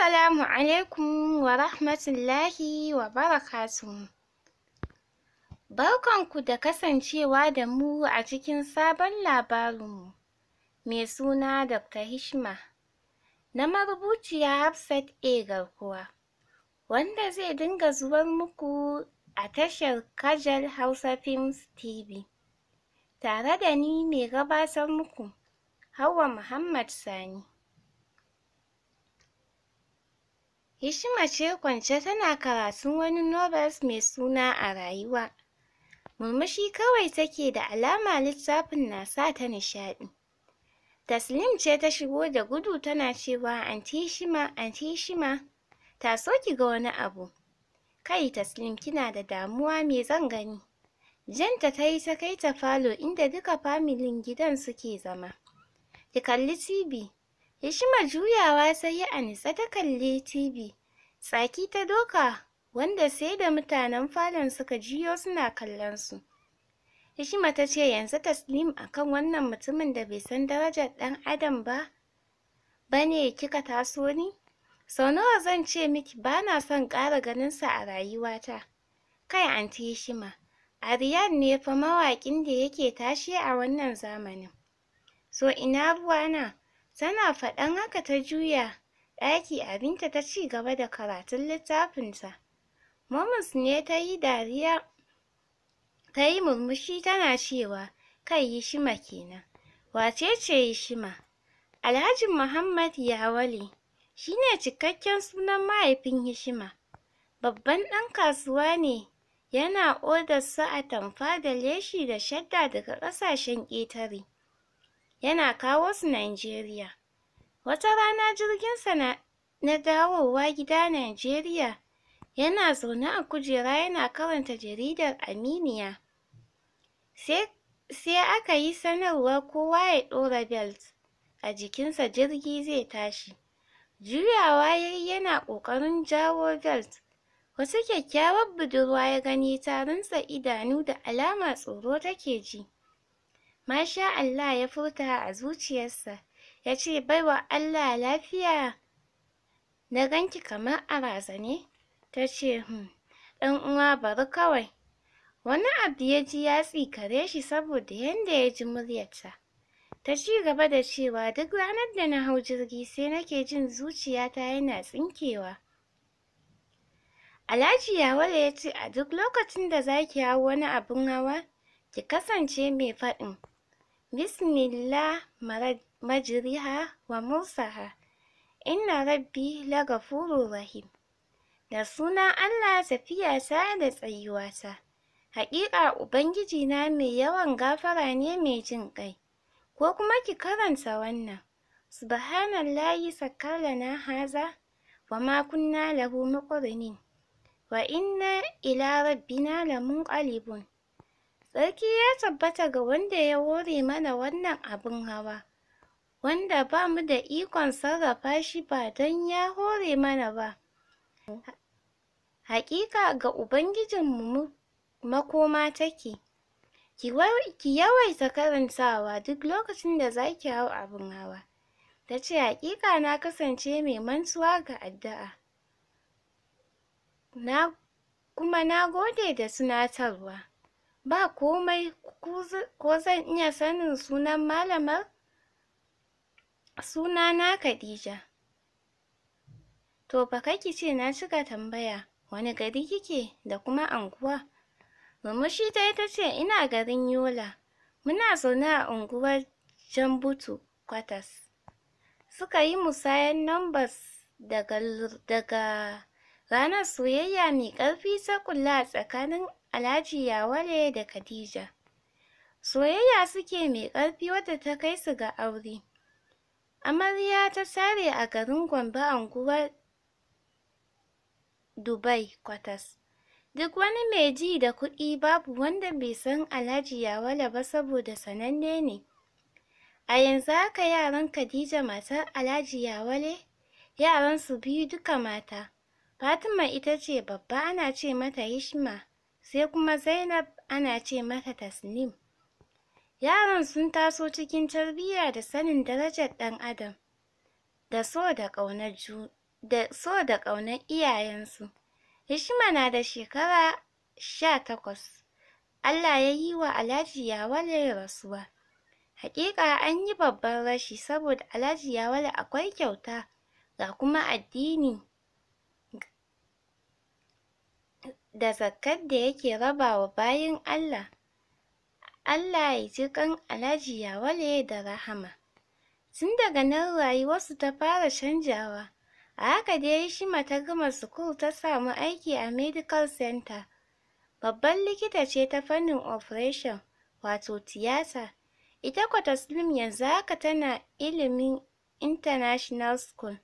Assalamu alaikum wa rahmatullahi wa barakatuhu. Barkanku da kasancewa da mu a cikin sabon labarinmu mai suna Dr. Hishma na marubuciya Hafsat A. Garkuwa wanda zai dinga zuwar muku a tashar Kajal Hausa Films TV tare da ni mai gabatar muku Hauwa Muhammad Sani. Hishima ce kwance tana karatun wani novels mai suna A Rayuwa. Murmushi kawai take da alama littafin na sa ta nishaɗi. Taslim ce ta shigo da gudu tana cewa Anti Hishima, Anti Hishima, ta so ki ga wani abu. Kai Taslim kina da damuwa me zan gani? Janta ta yi ta kai ta falo inda duka familin gidan suke zama. Ki kalli TV, hishima juyawa sai ya anitsa ta kalli TV. Tsaki ta doka wanda sai da mutanen falon suka jiyo suna kallon su. Hishima ta ce yanzu taslim akan wannan mutumin da bai san darajar ɗan adam ba bane kika taso ni? Sau nawa zan ce miki na son ƙara ganinsa a rayuwata. Kai anti Hishima, Ariyan ne fa mawaƙin da yake tashe a wannan zamanin. So ina ruwana? Tana faɗan haka ta juya ɗaki abinta ta ci gaba da karatun littafinta. Momus ne ta yi dariya ta yi murmushi tana cewa kai Yishima kenan. Wace ce shima? Alhaji Muhammad Yawale shi ne cikakken sunan mahaifin hishima Babban ɗan kasuwa ne yana odar su atamfa da leshi da shadda daga ƙasashen ƙetare. yana kawo su Najeriya. Wata rana jirginsa na, na dawowa gida Najeriya yana zaune a kujera yana karanta jaridar Aminiya. Sai aka yi sanarwa kowa ya ɗora belt a jikinsa jirgi zai tashi. Juyawa ya yi yana ƙoƙarin jawo belt. Wasu kyakkyawar budurwa ya gani tarinsa idanu da alama tsoro take ji. Masha Allah ya furta a zuciyarsa, ya ce, bai wa Allah lafiya, na ganki kamar a razane? Ta ce, hmm, ɗan uwa bari kawai. Wani abu ya ji ya tsikare shi saboda yadda ya ji muryarta. Ta ci gaba da cewa duk ranar da na hau jirgi sai nake jin zuciyata yana tsinkewa. Alhaji Yawale ya ce a duk lokacin da za ki hau wani abin hawa, ki kasance mai faɗin bismillah Majiriha wa mursaha inna rabbi lagafurur rahim da suna Allah tafiya ta da tsayuwata. haƙiƙa ubangiji na mai yawan gafara ne mai jin ƙai ko kuma ki karanta wannan subhanallahi sakkalana haza wa ma kunna lahu muqrinin wa inna ila rabbina lamunqalibun Sarki ya tabbata ga wanda ya hore mana wannan abin hawa, wanda ba mu da ikon sarrafa shi ba don ya hore mana ba. Hakika, ga ubangijin mu makoma take. Ki yawaita karantawa duk lokacin da za ki hau abin hawa. Ta ce, haƙiƙa na kasance mai mantuwa ga addu'a. kuma na gode da tunatarwa. ba komai ko zan iya sanin sunan malamar sunana Khadija to fa kai ki ce na cika tambaya wani gari kike da kuma anguwa murmushi ta ita ce ina garin Yola muna zaune a unguwar Jambutu Kwatas suka yi musayan numbers daga ranar soyayya mai ƙarfi ta kula tsakanin Alhaji Yawale da Khadija. Soyayya suke mai ƙarfi wadda ta kai su ga aure. Amarya ta sare a garin Gombe unguwar Dubai Kwatas. Duk wani mai ji da kuɗi babu wanda bai san Alhaji Yawale ba saboda sananne ne. A yanzu haka yaran Khadija matar Alhaji Yawale, yaran su biyu duka mata. Fatima ita ce babba ana ce mata Hishma. sai kuma Zainab ana ce mata Tasnim. Yaran sun taso cikin tarbiyya da sanin darajar ɗan adam da so da ƙaunar ju da so da ƙaunar iyayensu. Hishma na da shekara sha takwas. Allah ya yi wa Alhaji Yawale rasuwa. Hakika an yi babban rashi saboda Alhaji Yawale akwai kyauta ga kuma addini da zakkar da yake rabawa bayin Allah Allah ya ji kan Alhaji wale da rahama tun daga nan rayuwarsu ta fara canjawa a haka dai shi mata gama sukuru ta samu aiki a medical center babban likita ce ta fannin operation wato tiyata ita kwa Taslim yanzu haka tana ilimin international school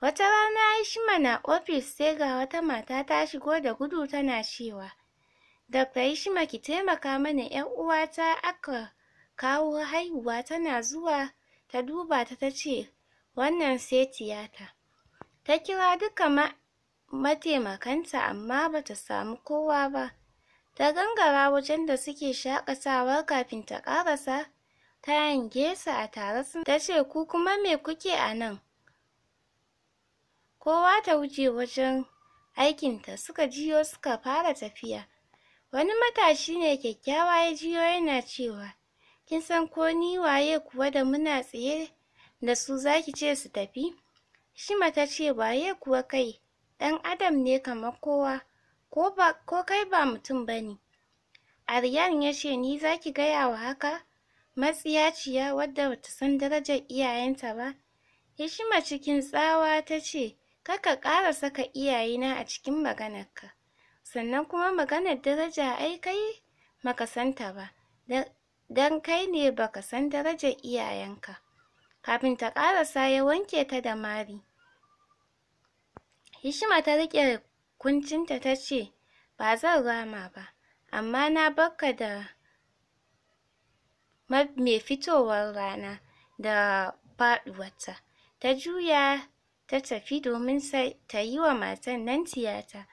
Wata rana Aishima na ofis sai ga wata mata ta shigo da gudu tana cewa, Dr. Ishma ki taimaka mana ‘yar uwata aka kawo haihuwa tana zuwa ta duba ta ta ce, wannan sai tiyata. Ta kira duka mataimakanta amma bata samu kowa ba. Ta gangara wajen da suke shaƙatawa kafin ta ƙarasa ta hange su a tare sun ta ce ku kuma me kuke a nan? kowa ta wuce wajen aikinta suka jiyo suka fara tafiya wani matashi ne kyakkyawa ya jiyo yana cewa kin san ko ni waye kuwa da muna tsaye da su zaki ce su tafi shima ta ce waye kuwa kai Dan adam ne kamar kowa ko kai ba mutum ba ne? aryan ya ce ni zaki gaya wa haka matsiyaciya wadda bata san darajar iyayenta ba hishima cikin tsawa ta ce kar ka ƙara saka iyayena a cikin maganarka sannan kuma maganar daraja ai kai maka santa ba dan kai ne baka san darajar iyayenka kafin ta ƙarasa ya wanke ta da mari Hishima ta riƙe kuncinta ta ce ba zan rama ba amma na barka da mai fitowar rana da faɗuwarta ta juya ta tafi domin ta yi wa matan nan tiyata.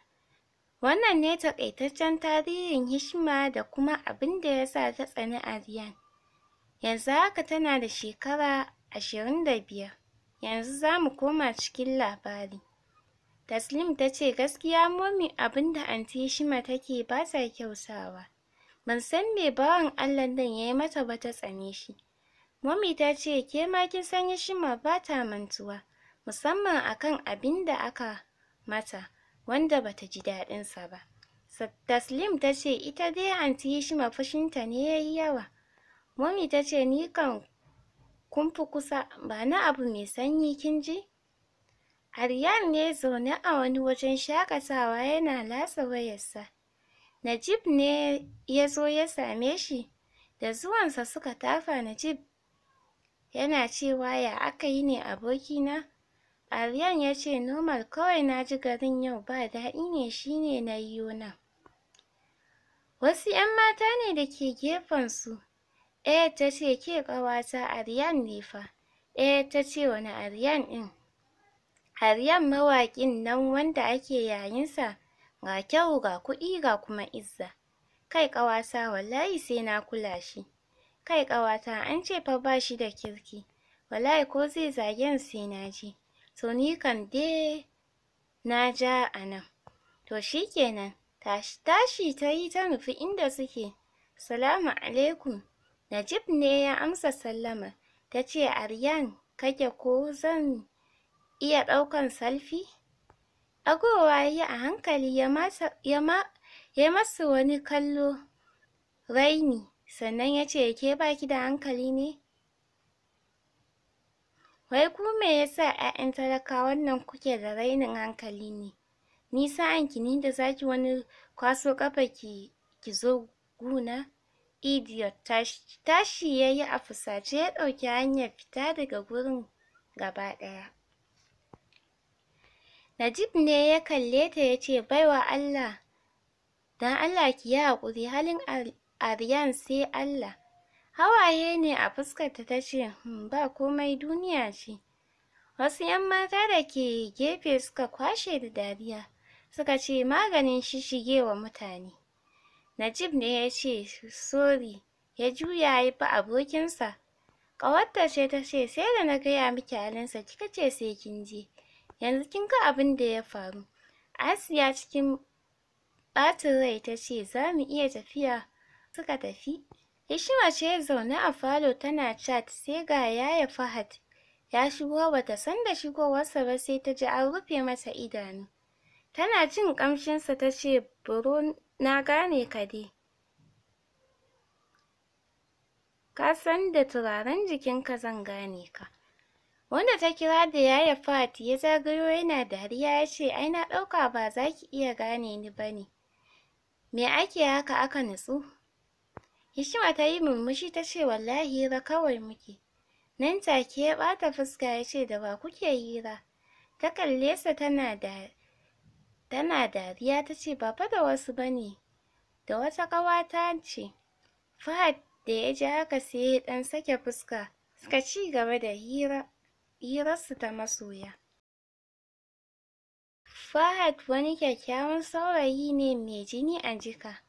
Wannan ne taƙaitaccen tarihin hishima da kuma abin da ya sa ta tsani a riyan Yanzu haka tana da shekara ashirin da biyar. Yanzu za mu koma cikin labari. Taslim ta ce gaskiya momi abin da anti Hishma take ba ta kyautawa. Ban san me bawan Allah nan ya yi mata ba ta tsane shi. Momi ta ce ke ma kin san Hishma ba ta mantuwa. musamman akan da aka mata wanda bata ji daɗinsa ba Taslim tace ita dai anty shi fushinta ne yayi yawa Mummy tace ni kan kun fi kusa ba na abu mai sanyi kin ji Aryan ne zaune a wani wajen shakatawa yana latsa wayarsa Najib ne ya zo ya same shi da zuwansa suka tafa Najib yana cewa ya aka yi ne abokina Aryan ya ce normal kawai na ji garin yau ba daɗi ne shi ne na yiwo nan. Wasu 'yan mata ne da ke gefensu. Ɗaya ta ce ke ƙawata Aryan ne fa. Ɗaya ta ce wani Aryan ɗin. Aryan mawaƙin nan wanda ake yayinsa ga kyau ga kuɗi ga kuma izza. Kai ƙawata wallahi sai na kula shi. Kai ƙawata an ce fa ba shi da kirki. Wallahi ko zai zagen sai na je. to ni kam dai na ja a nan to shi kenan tashi tashi ta yi ta nufi inda suke salamu alaikum najib ne ya amsa sallama ta ce aryan kake ko zan iya ɗaukan salfi agowa ya a hankali ya masa wani kallo raini sannan ya ce ke baki da hankali ne Wai ku me yasa 'ya'yan talakawan nan kuke da rainin hankali ne? nisa sa'anki ni da zaki wani kwaso kafa ki zo guna? Idiot! Tashi! Tashi yi a fusace ya ɗauki hanyar fita daga gurin gaba ɗaya. Najib ne ya kalle ta ya ce baiwa Allah don Allah ki yi haƙuri halin ariyan sai Allah. hawaye ne a fuskarta ta ce hmm, ba komai duniya ce wasu 'yan mata da ke gefe suka kwashe da dariya suka ce maganin wa mutane najib ne ya ce sori ya juya ya fi abokinsa ƙawarta ce ta ce sai da na gaya miki halinsa kika ce sai kin je yanzu kin ga abin da ya faru asiya cikin ɓatin rai ta ce za mu iya tafiya suka tafi Hishima ce zaune a falo tana chat sai ga yaya Fahad ya shigo bata san da shigowarsa ba sai ta ji an rufe masa idanu. Tana jin kamshinsa ta ce buro na gane ka dai. Ka san da turaren jikinka zan gane ka. Wanda ta kira da yaya Fahad ya zagayo yana dariya ya ce ai na ɗauka ba za ki iya gane ni ba ne. Me ake haka aka nutsu? Hishima ta yi murmushi ta ce wallahi hira kawai muke. Nan take ya ɓata fuska ya ce da ba kuke hira? Ta kalle sa tana da tana dariya ta ce ba fa da wasu bane da wata ƙawata ce. Fahad da ya ji haka sai ya ɗan sake fuska suka ci gaba da hira hirarsu ta masoya. Fahad wani kyakkyawan saurayi ne mai jini a jika.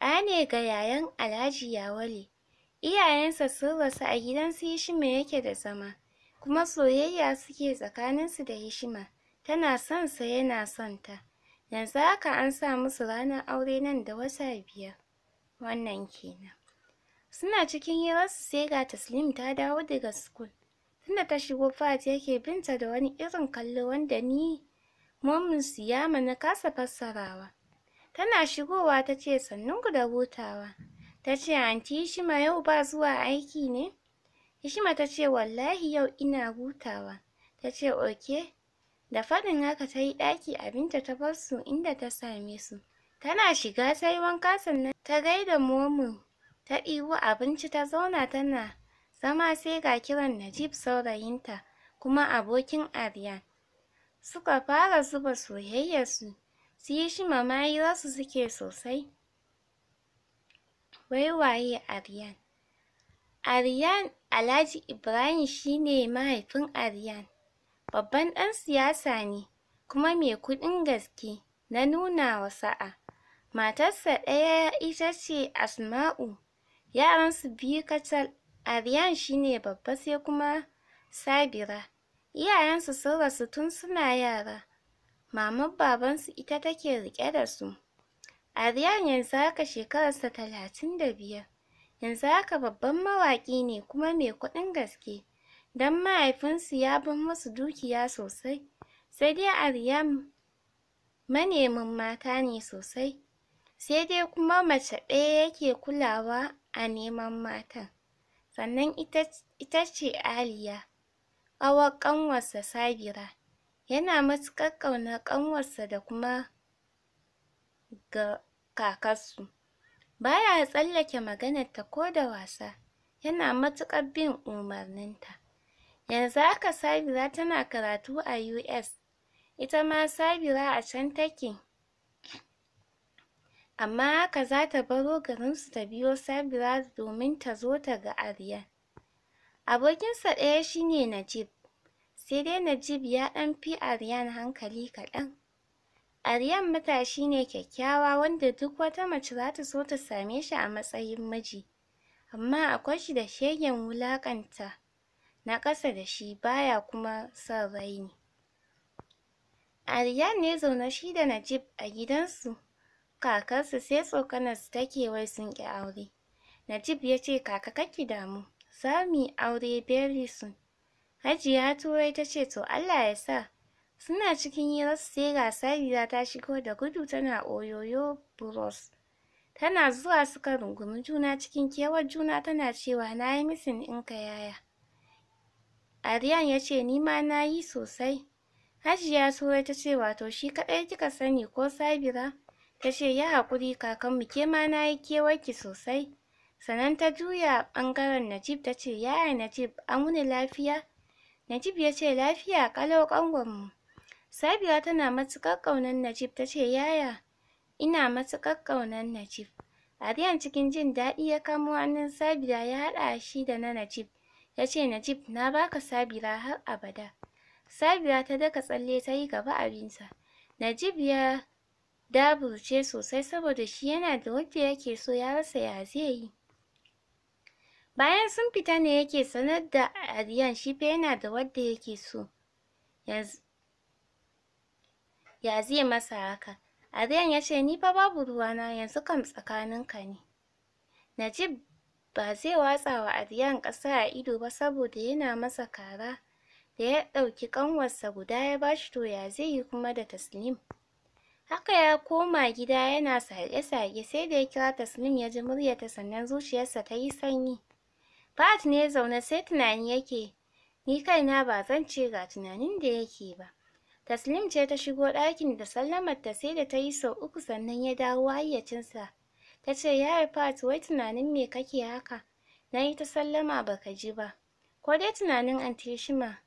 ane ga yayan Alhaji Yawale. Iyayensa sun rasu a gidan su Hishima yake da zama, kuma soyayya suke tsakaninsu da Hishima, tana son sa yana son ta. Yanzu haka an sa musu ranar aure nan da wata biyar. Wannan kenan. Suna cikin hirarsu sai ga Taslim ta dawo daga school. Tunda ta shigo Fahad yake binta da wani irin kallo wanda ni, mominsu ya na kasa fassarawa. Tana shigowa ta ce sannunku da hutawa. Ta ce anti Hishima yau ba zuwa aiki ne? Ishima ta ce wallahi yau ina hutawa. Ta ce oke. Da faɗin haka ta yi ɗaki abinta ta bar su inda ta same su. Tana shiga ta wanka sannan ta gaida momo ta ɗibo abinci ta zauna tana zama sai ga kiran Najib saurayinta kuma abokin arya. Suka fara zuba soyayyarsu. su yi shi za su suke sosai wai waye Aryan Aryan Alhaji Ibrahim shine mahaifin Aryan babban ɗan siyasa ne kuma mai kuɗin gaske na nuna wa sa'a matarsa ɗaya ita ce Asma'u yaransu biyu kacal Aryan shine babba sai kuma Sabira iyayensu sun rasu tun suna yara maman babansu ita take riƙe da su. Aryan yanzu haka shekararsa talatin da biyar, yanzu haka babban mawaƙi ne kuma mai kuɗin gaske, don mahaifinsu ya bin musu dukiya sosai, sai dai Aryan manemin mata ne sosai, sai dai kuma mace ɗaya yake kulawa a neman matan, sannan ita ce Aliya, ƙawar ƙanwarsa Sabira. yana matuƙar ƙauna ƙanwarsa da kuma ga kakarsu baya tsallake maganarta ko da wasa yana matuƙar bin umarninta yanzu haka Sabira tana karatu a US ita ma Sabira a can take amma haka zata baro garinsu ta biyo Sabira domin ta zo ta ga Aryan abokinsa ɗaya shine Najib sai dai Najib ya ɗan fi Aryan hankali kaɗan. Aryan matashi ne kyakkyawa wanda duk wata mace za ta so ta same shi a matsayin miji, amma akwai shi da shegen wulaƙanta na ƙasa da shi baya kuma son raini. Aryan ne zaune shi da Najib a gidansu, kakarsu sai tsokanarsu take wai sun ƙi aure. Najib ya ce kaka ki damu, za mu yi aure very soon. Hajiya Turai ta ce to Allah ya sa. Suna cikin hirar sai ga Sabiya ta shigo da gudu tana oyoyo buros. Tana zuwa suka rungumi juna cikin kewar juna tana cewa na yi misin ɗinka yaya. Ariyan ya ce ni ma na yi sosai. Hajiya Turai ta ce wato shi kaɗai kika sani ko Sabira? Ta ce ya haƙuri kakanmu ke ma na yi kewarki sosai. Sannan ta juya ɓangaren Najib ta ce yaya Najib an wuni lafiya? Najib ya ce lafiya kalau mu Sabiya tana matuƙar ƙaunar Najib ta ce yaya ina matukar ƙaunar Najib. Aryan cikin jin daɗi ya kamo hannun Sabira ya haɗa shi da na Najib. Ya ce Najib na baka Sabira har abada. Sabira ta daka tsalle ta yi gaba abinsa. Najib ya daburce sosai saboda shi yana da wanda yake so ya rasa ya zai yi. Bayan sun fita ne yake sanar da Aryan shi fa yana da wadda yake so. Ya zai masa haka? Aryan ya ce ni fa babu ruwa na, yanzu kam tsakaninka ne. Najib ba zai watsa wa Aryan ƙasa a ido ba saboda yana masa kara da ya ɗauki ƙanwarsa guda ya bashi to ya zai yi kuma da Taslim. Haka ya koma gida yana sage-sage sai da ya kira Taslim ya ji muryarta sannan zuciyarsa ta yi sanyi. Pat ne zaune sai tunani yake, ni kaina ba zan ce ga tunanin da yake ba. Taslim ce ta shigo ɗakin da sallamar ta sai da ta yi sau uku sannan ya dawo hayyacinsa. Ta ce yaya Pat, wai tunanin me kake haka? Na yi ta sallama baka ji ba. Ko dai tunanin anti Shima.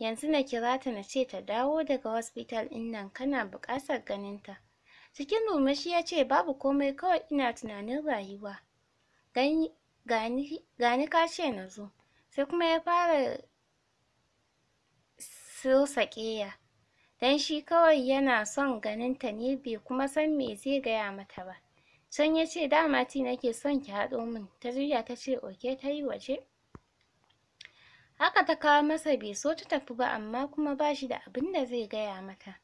Yanzu na kira ta na ce ta dawo daga hospital ɗin nan kana buƙatar ganinta. Cikin murmushi ya ce babu komai kawai ina tunanin rayuwa. gani ka ce na zo sai kuma ya fara sosa ƙeya don shi kawai yana son ganin ta ne bai kuma san me zai gaya mata ba can ya ce dama ti nake son ki haɗo min ta juya ta ce oke ta yi waje haka ta kawo masa bai so ta tafi ba amma kuma ba shi da abin da zai gaya mata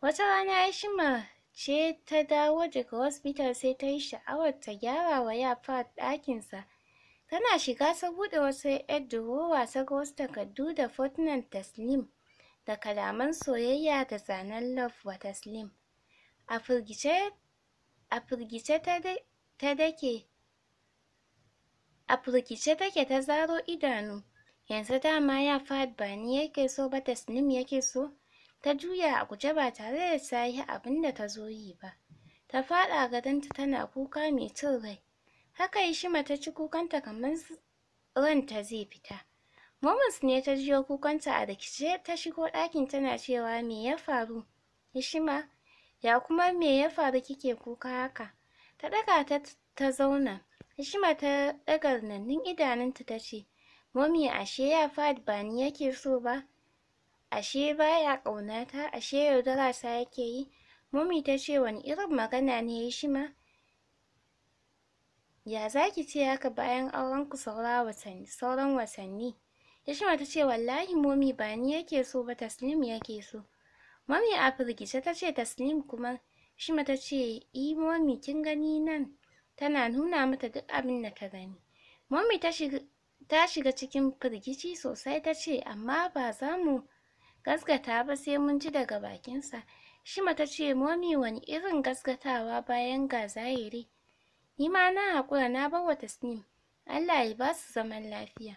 wata rana ya shima ce ta dawo daga hospital sai ta yi sha'awar ta gyara wa yafa ɗakinsa Tana shiga ta buɗe wasu ‘yar durowa wasa ga wasu takardu da fotunan Taslim da kalaman soyayya da zanen love wa Taslim. A firgice ta dake a firgice take ta zaro idanu yanzu dama ya Fahad ba ni yake so ba Taslim yake so ta juya a guje ba tare da ta abinda ta zo yi ba ta faɗa gadonta tana kuka mai cin rai Haka Ishima ta ci kukanta kamar ranta zai fita. Moments ne ta jiyo kukanta a rikice ta shigo ɗakin tana cewa me ya faru? Ishima, ya kuma me ya faru kike kuka haka? Ta ɗaga ta ta zauna. Ishima ta ɗaga nannin idanunta ta ce, Mommy ashe ya faɗi ba ni yake so ba? Ashe baya ƙaunata, ashe yaudara sa yake yi? momi ta ce wani irin magana ne Ishima? Ya za ki ce haka bayan auren ku sauran watanni? Yashima ta ce wallahi momi ba ni yake so ba Taslim yake so. Mami a firgice ta ce Taslim kuma Shima ta ce i momi kin gani nan tana nuna mata duk abin da ta gani. Momi ta shiga cikin firgici sosai ta ce amma ba za mu gasgata ba sai mun ji daga bakinsa. Shima ta ce momi wani irin gasgatawa bayan ga zahiri. Nima na haƙura na bar wata tasnim Allah ya ba su zaman lafiya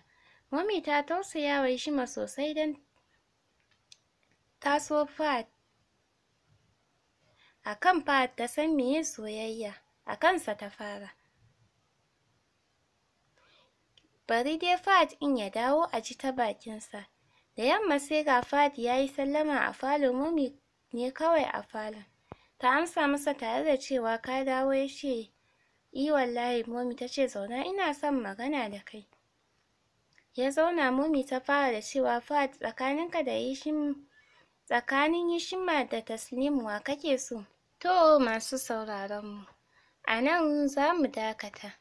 mami ta tausaya wa shima sosai don taso Fad a kan Fad ta san meye soyayya a kansa ta fara bari dai Fad in ya dawo a ji ta bakinsa da yamma sai ga Fad ya yi sallama a falon mami ne kawai a falon ta amsa masa tare da cewa ka dawo ya ce i wallahi momi ta ce zauna ina son magana da kai ya zauna momi ta fara da cewa fat tsakaninka da yishim tsakanin yishima da taslimu wa kake so to masu sauraron mu a nan za mu dakata